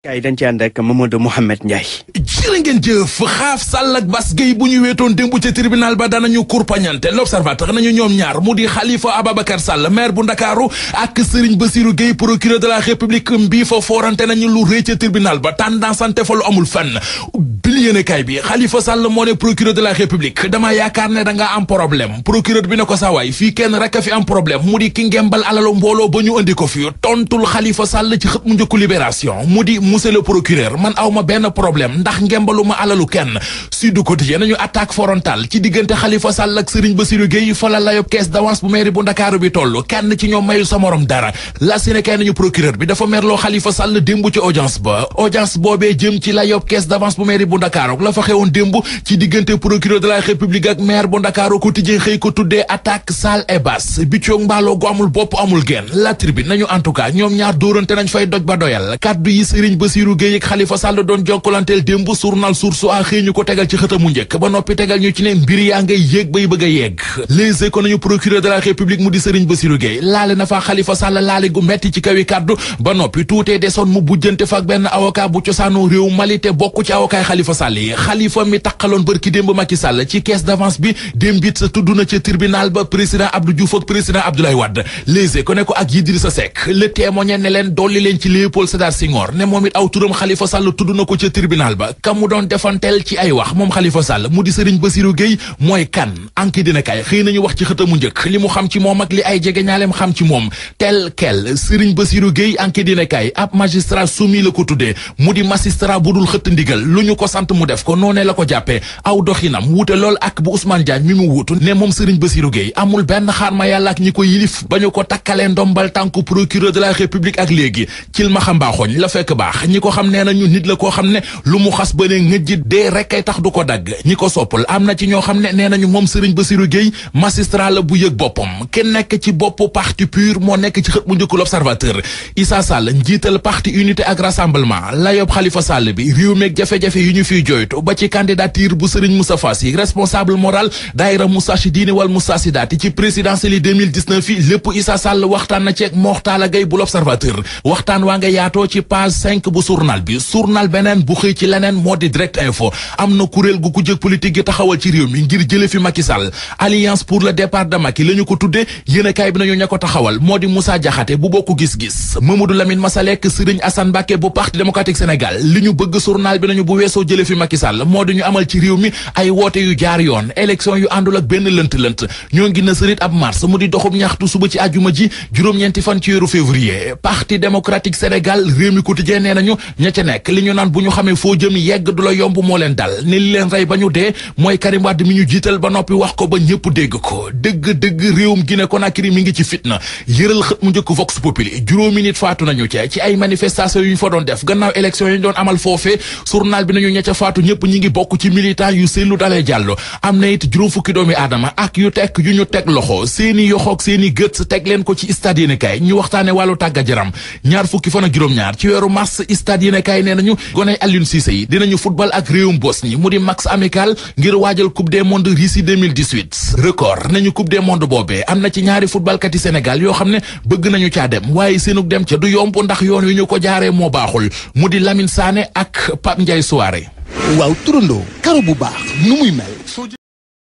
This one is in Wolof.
kaay dañ ci ànd ak Mamadou Mouhamed Ndiaye. jërë ngeen jëf xaaf sàll ak bas géy bu ñu weetoon démb ca tribunal ba danañu kurpañante l'observateur nañu ñoom ñaar mu di Khalifa Ababacar Sall maire bu Ndakaaru ak Serigne Bassirou Gueye procureur de la République mbii fa foorante nañu lu rëy ca tribunal ba tendance ante fa amul fenn li yéen a kaay bi Khalifa Sall moo ne procureur de la république dama yaakaar ne da am problème procureur bi ne ko sawaay fii kenn rek a fi am problème mu di ki ngembal alalu mbooloo ba ñu andi ko fi tontul Khalifa Sall ci xët mu njëkku libération mu di monsieur le procureur man aw benn problème ndax ngembalu alalu kenn Sud Quotidien nañu attaque frontale ci diggante Khalifa Sall ak Serigne Bassirou Gueye fa la layob caisse d'avance bu mairie bu Ndakaaru Dakar la fa xewoon démb ci diggante procureur de la république ak maire bu Dakar quotidien xëy ko tuddee attaque sale et basse bi coog mbaaloo gu amul bopp amul genn la tribune nañu en tout cas ñoom ñaar dóorante nañ fay doj ba doyal kaddu yi Serigne Bassirou Gueye ak Khalifa Sall doon jokkalanteel démb journal Source A xëy ñu ko tegal ci xët mu njëkk ba noppi tegal ñu ci ne mbir yaa ngay yéeg bay bëgg a yegg les éco nañu procureur de la république mu di Serigne Bassirou Gueye laale ci kawi noppi tuutee desoon mu bujjante fa benn avocat bu cosaanu réew Mali te bokk ci avocat Khalifa Khalifa Sall yi Khalifa mi taqaloon bërki démb Macky Sall ci caisse d'avance bi démb it tudd na ci ba président Abdou Diouf président Abdoulaye Wade léegi ko ne ko ak Idrissa Seck le témoigné ne leen dolli leen ci Léopold Sédar Senghor ne moom it aw turam ko ci tribunal ba ka mu doon defanteel ci ay wax moom Khalifa Sall mu di Serigne Bassirou Gueye mooy kan anki dina xëy nañu wax ci xëtamu njëkk li mu xam ci moom ak li ay jegeñaaleem xam ci sant mu def ko noonee la ko jàppee aw doxinam wuute lool ak bu Ousmane Diagne mi mu wuutu ne moom Serigne Bassirou Gueye amul benn xaar ma yàlla ak ñi ko yilif ba ñu ko takkalee ndombal tànku procureur de la république ak léegi cil ma xam la fekk baax ñi ko xam nee na ñu nit la koo xam ne lu mu xas ba ne ngëjji dee rekkay tax du ko dagg ñi ko soppul am na ci ñoo xam ne nee nañu moom Serigne Bassirou Gueye magistrat la bu yëg boppam ki nekk ci boppu parti pur moo nekk ci xët bu njëkk fiy joytu ba ci candidature bu Serigne Moustapha Sy responsable moral daayira Moustarchidine wal Moustarchidaty ci présidentielle yi 2019 lépp Issa Sall waxtaan na ceeg Moxtaala Gay bu l'Observateur waxtaan waa nga yaatoo ci page bu journal bi journal beneen bu xëy ci leneen moo di direct info am na kuréel gu ku jëg politique gi taxawal ci réew mi ngir jële fi Macky alliance pour le départ de Macky la ko tuddee yéenekaay bi nañu ña ko taxawal moo di Moussa Diakhaté bu bokk jële fi Macky Sall moo di ñu amal ci réew mi ay woote yu jaar yoon élection yu àndul ak benn lënt-lënt ñoo ngi na sërit ab mars mu di doxub ñaxtu suba ci àjjuma ji juróom-ñeenti fan ci weeru février parti démocratique Sénégal réew mi quotidien nee nañu ña ca nekk li ñu naan bu ñu xamee foo jëm yegg du la yomb moo leen dal ne li leen rey ba ñu dee mooy Karim Wade mi ñu jiital ba noppi wax ko ba ñëpp dégg ko dëgg-dëgg réewum Guinée Conakry mi ngi ci fitna yëral mu njëkk Vox Populi juróomi nit faatu nañu ca ci ay manifestation yu ñu fa doon def gannaaw élection yi ñu doon amal foofee ca faatu ñëpp ñi ngi bokk ci militant yu Cellou Dalein Diallo am na it juróom fukki doomi aadama ak yu tekk yu ñu teg loxo seeni yoxoog seeni gët teg leen ko ci stade yéenekaay ñu waxtaane wàllu tàgga yaram ñaar fukki fan ak juróom-ñaar ci weeru mars stade yéenekaay nee nañu goney Aliou Cissé yi dinañu football ak réew réewum Bosnie mu di match amical ngir waajal coupe des mondes Russie 2018 record nañu coupe de mondes boobee am na ci ñaari footballkat yi Sénégal yoo xam ne bëgg nañu caa dem waaye seenug dem ca du yomb ndax yoon yu ñu ko jaaree moo baaxul mu di Lamine Sané ak Pape Ndiaye Souaré waaw turandoo karo bu baax nu muy mel